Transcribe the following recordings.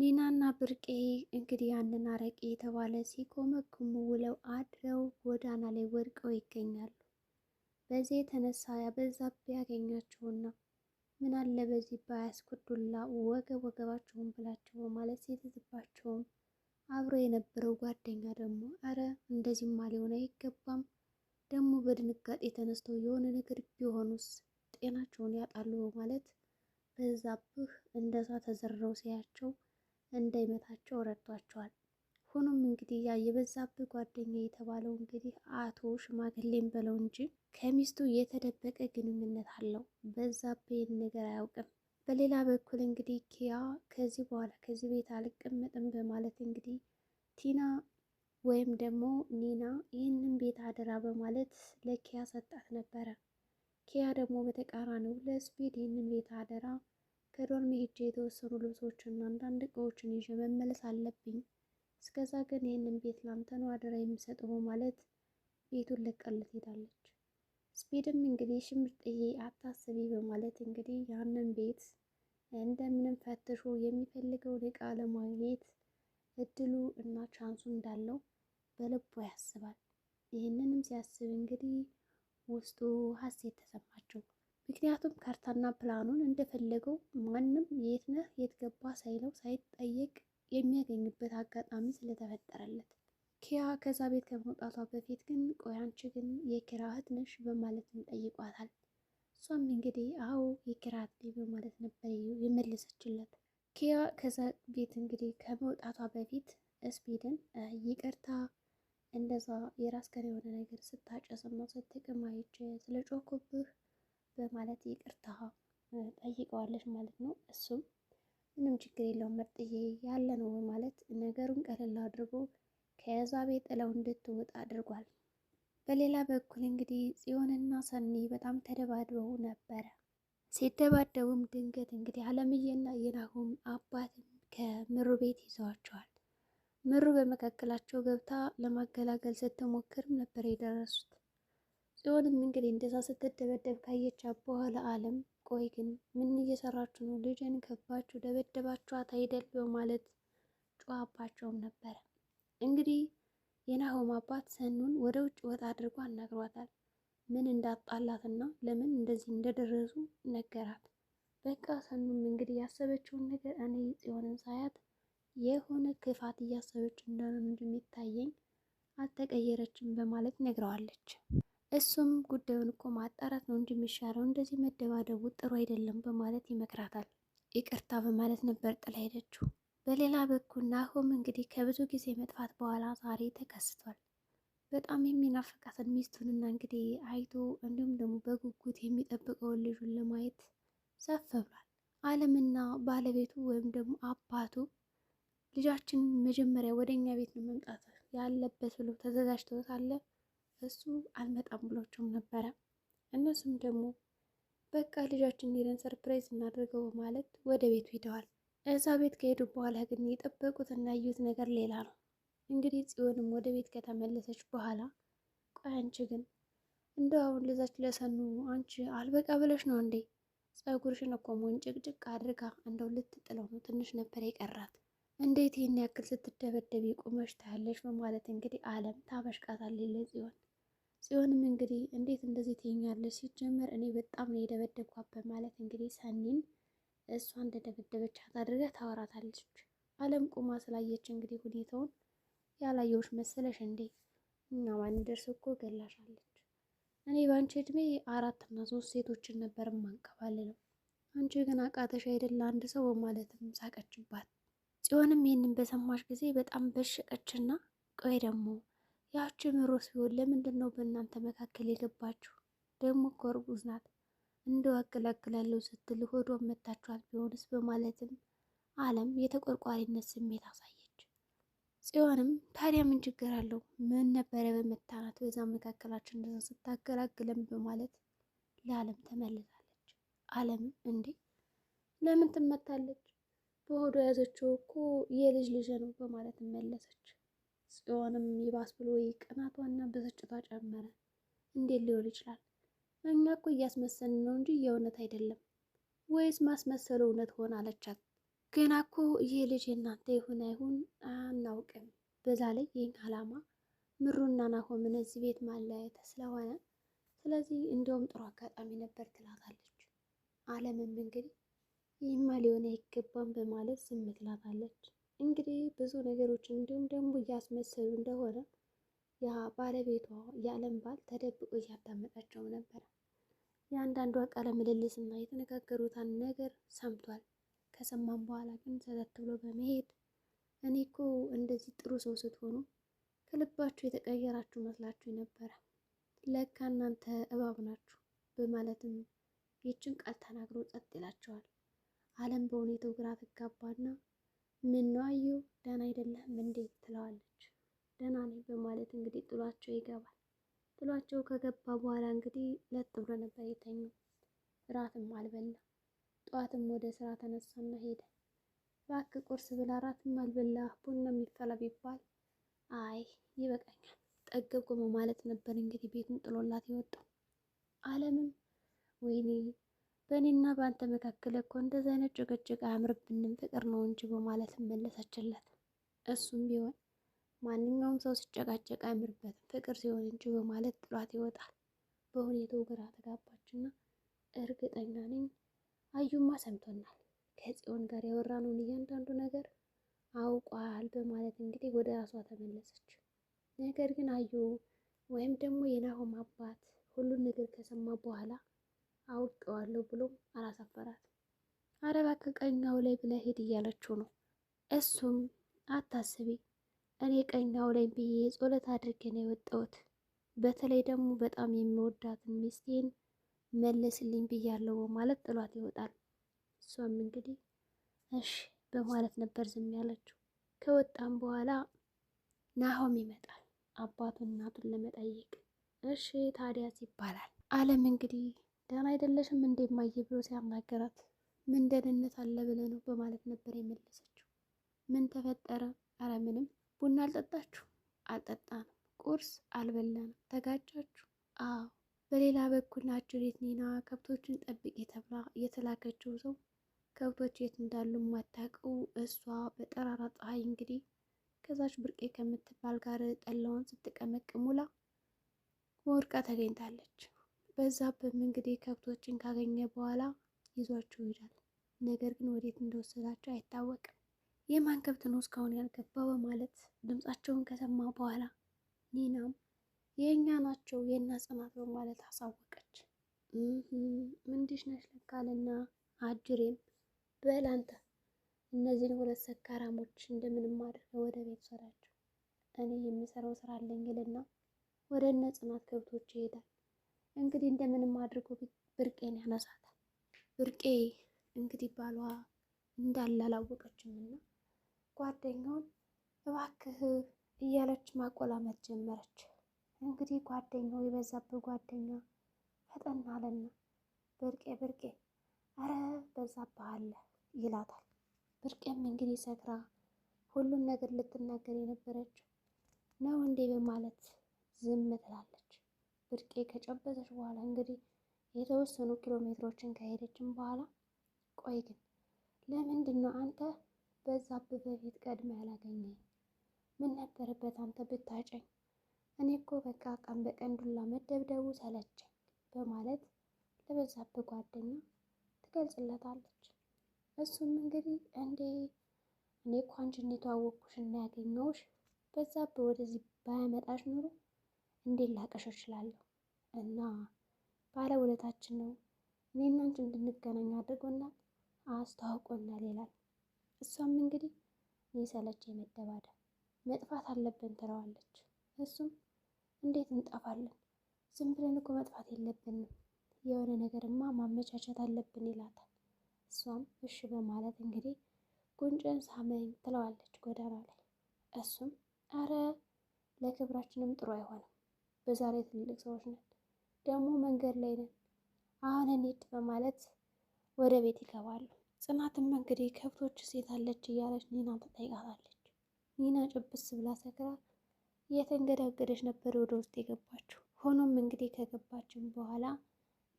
ኒናና ብርቄ እንግዲህ ያንን አረቄ የተባለ ሲኮመኩሙ ውለው አድረው ጎዳና ላይ ወድቀው ይገኛሉ። በዚህ የተነሳ ያበዛብህ ያገኛቸውና ምን አለ በዚህ ባያስኩዱላ ወገብ ወገባቸውን ብላቸው በማለት ሲትዝባቸውም አብሮ የነበረው ጓደኛ ደግሞ አረ ማ ሊሆን አይገባም፣ ደግሞ በድንጋጤ ተነስተው የሆነ ነገር ቢሆኑስ ጤናቸውን ያጣሉ በማለት በዛብህ እንደዛ ተዘርረው ሲያቸው እንዳይመታቸው ረድቷቸዋል። ሆኖም እንግዲህ ያ የበዛብህ ጓደኛ የተባለው እንግዲህ አቶ ሽማግሌን በለው እንጂ ከሚስቱ የተደበቀ ግንኙነት አለው። በዛብ ነገር አያውቅም። በሌላ በኩል እንግዲህ ኪያ ከዚህ በኋላ ከዚህ ቤት አልቀመጥም በማለት እንግዲህ ቲና ወይም ደግሞ ኒና ይህንን ቤት አደራ በማለት ለኪያ ሰጣት ነበረ። ኪያ ደግሞ በተቃራኒው ለስፔድ ይህንን ቤት አደራ ከዶርሜ ሄጄ የተወሰኑ ልብሶችና አንዳንድ እቃዎችን ይዤ መመለስ አለብኝ። እስከዛ ግን ይህንን ቤት ላንተ ነው አደራ የምሰጠው ቤቱን ለቀል ሄዳለች። ስፔድም እንግዲህ ሽምርጥዬ አታስቢ በማለት እንግዲህ ያንን ቤት እንደምንም ፈትሾ የሚፈልገውን እቃ ለማግኘት እድሉ እና ቻንሱ እንዳለው በልቦ ያስባል። ይህንንም ሲያስብ እንግዲህ ውስጡ ሀሴት ተሰማቸው። ምክንያቱም ካርታና ፕላኑን እንደፈለገው ማንም የት ነህ የት ገባ ሳይለው ሳይጠየቅ የሚያገኝበት አጋጣሚ ስለተፈጠረለት ኪያ ከዛ ቤት ከመውጣቷ በፊት ግን ቆይ አንቺ ግን የኪራ እህት ነሽ በማለት ጠይቋታል። እሷም እንግዲህ አዎ የኪራ እህት በማለት ነበር የመለሰችለት። ኪያ ከዛ ቤት እንግዲህ ከመውጣቷ በፊት እስፒድን ይቅርታ እንደዛ የራስ ከር የሆነ ነገር ስታጨስና ስትቅም አይቼ ስለጮኩብህ በማለት ይቅርታ ጠይቀዋለች ማለት ነው። እሱም ምንም ችግር የለውም ምርጥዬ ያለ ነው ማለት ነገሩን ቀለል አድርጎ ከዛ ቤት ጥለው እንድትወጣ አድርጓል። በሌላ በኩል እንግዲህ ጽዮንና ሰኒ በጣም ተደባድበው ነበረ። ሲደባደቡም ድንገት እንግዲህ አለምዬና የናሆም አባት ከምሩ ቤት ይዘዋቸዋል። ምሩ በመካከላቸው ገብታ ለማገላገል ስትሞክርም ነበር የደረሱት። ጽዮንም እንግዲህ እንደዛ ስትደበደብ ካየቻ በኋላ አለም ቆይ ግን ምን እየሰራችሁ ነው? ልጅን ከባችሁ ደበደባችኋት አይደል? በማለት ጮኸባቸውም ነበረ። እንግዲህ የናሆም አባት ሰኑን ወደ ውጭ ወጣ አድርጎ አናግሯታል። ምን እንዳጣላትና ለምን እንደዚህ እንደደረሱ ነገራት። በቃ ሰኑም እንግዲህ ያሰበችውን ነገር እኔ ጽዮንን ሳያት የሆነ ክፋት እያሰበች እንደሆነ እንጂ የሚታየኝ አልተቀየረችም በማለት ነግረዋለች። እሱም ጉዳዩን እኮ ማጣራት ነው እንጂ የሚሻለው እንደዚህ መደባደቡ ጥሩ አይደለም በማለት ይመክራታል። ይቅርታ በማለት ነበር ጥላ ሄደችው። በሌላ በኩል ናሆም እንግዲህ ከብዙ ጊዜ መጥፋት በኋላ ዛሬ ተከስቷል። በጣም የሚናፍቃትን ሚስቱንና እንግዲህ አይቶ እንዲሁም ደግሞ በጉጉት የሚጠብቀውን ልጁን ለማየት ሰፍ ብሏል። አለምና ባለቤቱ ወይም ደግሞ አባቱ ልጃችን መጀመሪያ ወደ እኛ ቤት ነው መምጣት ያለበት ብሎ ተዘጋጅተውታል። እሱ አልመጣም ብሏቸውም ነበረ። እነሱም ደግሞ በቃ ልጃችን ሄደን ሰርፕራይዝ እናድርገው በማለት ወደ ቤቱ ሂደዋል። እዛ ቤት ከሄዱ በኋላ ግን የጠበቁትና ያዩት ነገር ሌላ ነው። እንግዲህ ጽዮንም ወደ ቤት ከተመለሰች በኋላ ቆይ አንቺ ግን እንደው አሁን ልዛች ለሰኑ አንቺ አልበቃ ብለሽ ነው እንዴ? ጸጉርሽን እኮ ጭቅጭቅ አድርጋ እንደው ልትጥለው ነው ትንሽ ነበር የቀራት። እንዴት ይህን ያክል ስትደበደብ ቆመሽ ታያለሽ? በማለት እንግዲህ አለም ታበሽቃታለች ለጽዮን ጽዮንም እንግዲህ እንዴት እንደዚህ ትይኛለች ሲጀመር እኔ በጣም ነው የደበደብኳት በማለት እንግዲህ ሰኒን እሷ እንደደበደበቻት አድርጋ ታወራታለች። አለም ቁማ ስላየች እንግዲህ ሁኔታውን ያላየሁሽ መሰለሽ እንዴ እና ባንደርስ እኮ ገላሻለች። እኔ በአንቺ እድሜ አራት ሶስት ሴቶችን ነበር ማንከባልለው አንቺ ግን አቃተሽ አይደል አንድ ሰው በማለትም ሳቀችባት። ጽዮንም ይህንን በሰማች ጊዜ በጣም በሸቀችና ቆይ ደግሞ ያቺ ምሮስ ቢሆን ለምንድን ነው በእናንተ መካከል የገባችሁ? ደግሞ እኮ እርጉዝ ናት። እንደው አቀላቅላለሁ ስትል ሆዶ መታችኋት ቢሆንስ በማለትም አለም የተቆርቋሪነት ስሜት አሳየች። ጽዮንም ታዲያ ምን ችግር አለው? ምን ነበረ በመታናት በዛ መካከላችን እንደዛ ስታገላግለን በማለት ለአለም ተመልሳለች። አለም እንዴ ለምን ትመታለች? በሆዷ የያዘችው እኮ የልጅ ልጅ ነው በማለት መለሰች። ጽዮንም ይባስ ብሎ ቅናቷና ብስጭቷ ጨመረ። እንዴት ሊሆን ይችላል? እኛ እኮ እያስመሰልን ነው እንጂ የእውነት አይደለም። ወይስ ማስመሰሉ እውነት ሆን አለቻት። ገና እኮ ይህ ልጅ እናንተ ይሁን አይሁን አናውቅም። በዛ ላይ ይህን ዓላማ ምሩና ናሆምን እዚህ ቤት ማለያየት ስለሆነ ስለዚህ እንደውም ጥሩ አጋጣሚ ነበር ትላታለች። አለምም እንግዲህ ይህማ ሊሆን አይገባም በማለት ዝም ትላታለች። እንግዲህ ብዙ ነገሮችን እንዲሁም ደግሞ እያስመሰሉ እንደሆነ ያ ባለቤቷ የአለም ባል ተደብቆ እያዳመጣቸው ነበር። የአንዳንዷ ቃለ ምልልስ እና የተነጋገሩትን ነገር ሰምቷል። ከሰማም በኋላ ግን ሰረት ብሎ በመሄድ እኔ እኮ እንደዚህ ጥሩ ሰው ስትሆኑ ከልባችሁ የተቀየራችሁ መስላችሁ ነበረ፣ ለካ እናንተ እባብ ናችሁ በማለትም ይችን ቃል ተናግሮ ጸጥ ይላቸዋል። አለም በሁኔታው ግራ ትጋባና ምን ነው አዩ ደህና አይደለም እንዴ ትለዋለች። ደህና ነኝ በማለት እንግዲህ ጥሏቸው ይገባል። ጥሏቸው ከገባ በኋላ እንግዲህ ለጥ ብሎ ነበር የተኛው። እራትም አልበላ። ጠዋትም ወደ ስራ ተነሳና ሄደ። ባክ ቁርስ ብላ እራትም አልበላ ቡና የሚፈላ ቢባል አይ ይበቃኛል ጠገብኩ በማለት ነበር እንግዲህ ቤቱን ጥሎላት የወጣው። አለምም ወይኔ በእኔና በአንተ መካከል እኮ እንደዚህ አይነት ጭቅጭቅ አያምርብንም፣ ፍቅር ነው እንጂ በማለት መለሰችለት። እሱም ቢሆን ማንኛውም ሰው ሲጨቃጨቅ አያምርበትም፣ ፍቅር ሲሆን እንጂ በማለት ጥሏት ይወጣል። በሁኔታው ግራ ተጋባችና እርግጠኛ ነኝ አዩማ ሰምቶናል፣ ከጽዮን ጋር ያወራነውን እያንዳንዱ ነገር አውቋል በማለት እንግዲህ ወደ ራሷ ተመለሰች። ነገር ግን አዩ ወይም ደግሞ የናሆም አባት ሁሉን ነገር ከሰማ በኋላ አውቀዋለሁ ብሎ አላሳፈራት። አረ እባክህ ቀኛው ላይ ብለህ ሂድ እያለችው ነው። እሱም አታስቢ፣ እኔ ቀኛው ላይ ብዬ ጸሎት አድርጌ ነው የወጣሁት። በተለይ ደግሞ በጣም የሚወዳትን ሚስቴን መለስልኝ ብያለው ማለት ጥሏት ይወጣል። እሷም እንግዲህ እሺ በማለት ነበር ዝም ያለችው። ከወጣም በኋላ ናሆም ይመጣል አባቱን እናቱን ለመጠየቅ። እሺ ታዲያስ ይባላል። አለም እንግዲህ ደህና አይደለሽም እንዴ እማዬ ብሎ ሲያናገራት ምን ደህንነት አለ ብለህ ነው በማለት ነበር የመለሰችው። ምን ተፈጠረ? አረ ምንም። ቡና አልጠጣችሁ? አልጠጣንም። ቁርስ አልበላንም። ተጋጫችሁ? አዎ። በሌላ በኩል ናጁሬት ኒና ከብቶችን ጠብቅ ተብላ የተላከችው ሰው ከብቶች የት እንዳሉ የማታውቀው እሷ በጠራራ ፀሐይ እንግዲህ ከዛች ብርቄ ከምትባል ጋር ጠላውን ስትቀመቅ ሙላ ወድቃ ተገኝታለች። በዛብህም እንግዲህ ከብቶችን ካገኘ በኋላ ይዟቸው ይሄዳል። ነገር ግን ወዴት እንደወሰዳቸው አይታወቅም። የማን ከብት ነው እስካሁን ያልገባ በማለት ድምፃቸውን ከሰማ በኋላ ኒናም የእኛ ናቸው የእና ጽናት ነው ማለት አሳወቀች። ምንድሽ ነሽ ለካልና አጅሬም በል እነዚህን ሁለት ሰካራሞች እንደምንም አድርገው ወደ ቤት ሰራቸው እኔ የምሰራው ስራ አለኝ ይልና ወደ እነ ጽናት ከብቶች ይሄዳል። እንግዲህ እንደምንም አድርጎ ብርቄን ያነሳታል። ብርቄ እንግዲህ ባሏ እንዳለ አላወቀችም እና ጓደኛውን እባክህ እያለች ማቆላመት ጀመረች። እንግዲህ ጓደኛው የበዛብህ ጓደኛ ፈጠን አለና ብርቄ ብርቄ አረ በዛብህ አለ ይላታል። ብርቄም እንግዲህ ሰክራ ሁሉን ነገር ልትናገር የነበረችው ነው እንዴ በማለት ዝም ትላለች። ብርቄ ከጨበሰች በኋላ እንግዲህ የተወሰኑ ኪሎ ሜትሮችን ከሄደችም በኋላ ቆይ ግን ለምንድን ነው አንተ በዛብህ በፊት ቀድመህ ያላገኘኝ? ምን ነበረበት አንተ ብታጨኝ? እኔ እኮ በቃ ቀን በቀን ዱላ መደብደቡ ሰለቸኝ በማለት ለበዛብህ ጓደኛ ትገልጽለታለች። እሱም እንግዲህ እንዴ እኔ እኮ አንቺን የተዋወቅኩሽ እና ያገኘሁሽ በዛብህ ወደዚህ ባያመጣሽ ኑሮ እንዴት ላቀሸው እችላለሁ? እና ባለውለታችን ነው እኔና አንቺ እንድንገናኝ አድርጎና አስተዋውቆናል ይላል። እሷም እንግዲህ ይሰለች የመደባደብ መጥፋት አለብን ትለዋለች። እሱም እንዴት እንጠፋለን? ዝም ብለን እኮ መጥፋት የለብንም የሆነ ነገርማ ማመቻቸት አለብን ይላታል። እሷም እሺ በማለት እንግዲህ ጉንጭን ሳመኝ ትለዋለች ጎዳና ላይ። እሱም አረ ለክብራችንም ጥሩ አይሆንም በዛሬ ትልልቅ ሰዎች ነን፣ ደግሞ መንገድ ላይ ነን፣ አሁን እንሂድ በማለት ወደ ቤት ይገባሉ። ጽናትም እንግዲህ ከብቶች ሴታለች እያለች ኒና ትጠይቃታለች። ኒና ጭብስ ብላ ሰክራ እየተንገዳገደች ነበር ወደ ውስጥ የገባችው። ሆኖም እንግዲህ ከገባችን በኋላ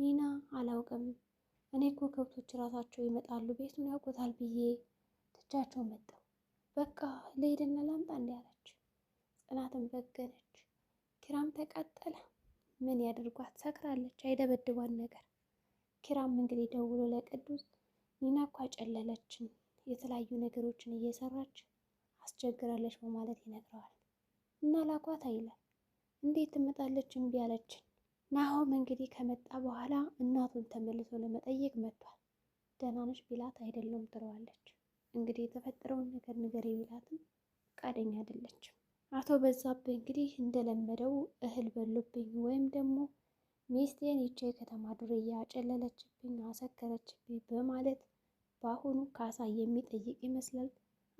ኒና አላውቅም፣ እኔ እኮ ከብቶች ራሳቸው ይመጣሉ ቤቱን ያውቁታል ብዬ ትቻቸው መጣሁ፣ በቃ ልሄድና ላምጣ እንዲያለች ጽናትም በገነች። ኪራም ተቃጠለ። ምን ያድርጓት? ሰክራለች፣ አይደበድቧን ነገር። ኪራም እንግዲህ ደውሎ ለቅዱስ ኒና እኮ አጨለለችን፣ የተለያዩ ነገሮችን እየሰራች አስቸግራለች በማለት ይነግረዋል። እና ላኳት አይለም። እንዴት ትመጣለች? እምቢ አለችን። ናሆም እንግዲህ ከመጣ በኋላ እናቱን ተመልሶ ለመጠየቅ መጥቷል። ደህና ቢላት አይደለም ትለዋለች። እንግዲህ የተፈጠረውን ነገር ንገሪ ቢላትም ፈቃደኛ አይደለችም። አቶ በዛብህ እንግዲህ እንደለመደው እህል በሉብኝ ወይም ደግሞ ሚስቴን ይቼ ከተማ ዱርያ ጨለለችብኝ፣ አሰከረችብኝ በማለት በአሁኑ ካሳ የሚጠይቅ ይመስላል።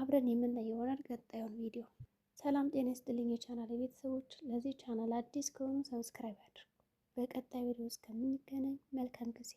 አብረን የምናየው ይሆናል ቀጣዩን ቪዲዮ። ሰላም ጤና ይስጥልኝ የቻናል ቤተሰቦች። ለዚህ ቻናል አዲስ ከሆኑ ሰብስክራይብ አድርጉ። በቀጣይ ቪዲዮ እስከምንገናኝ መልካም ጊዜ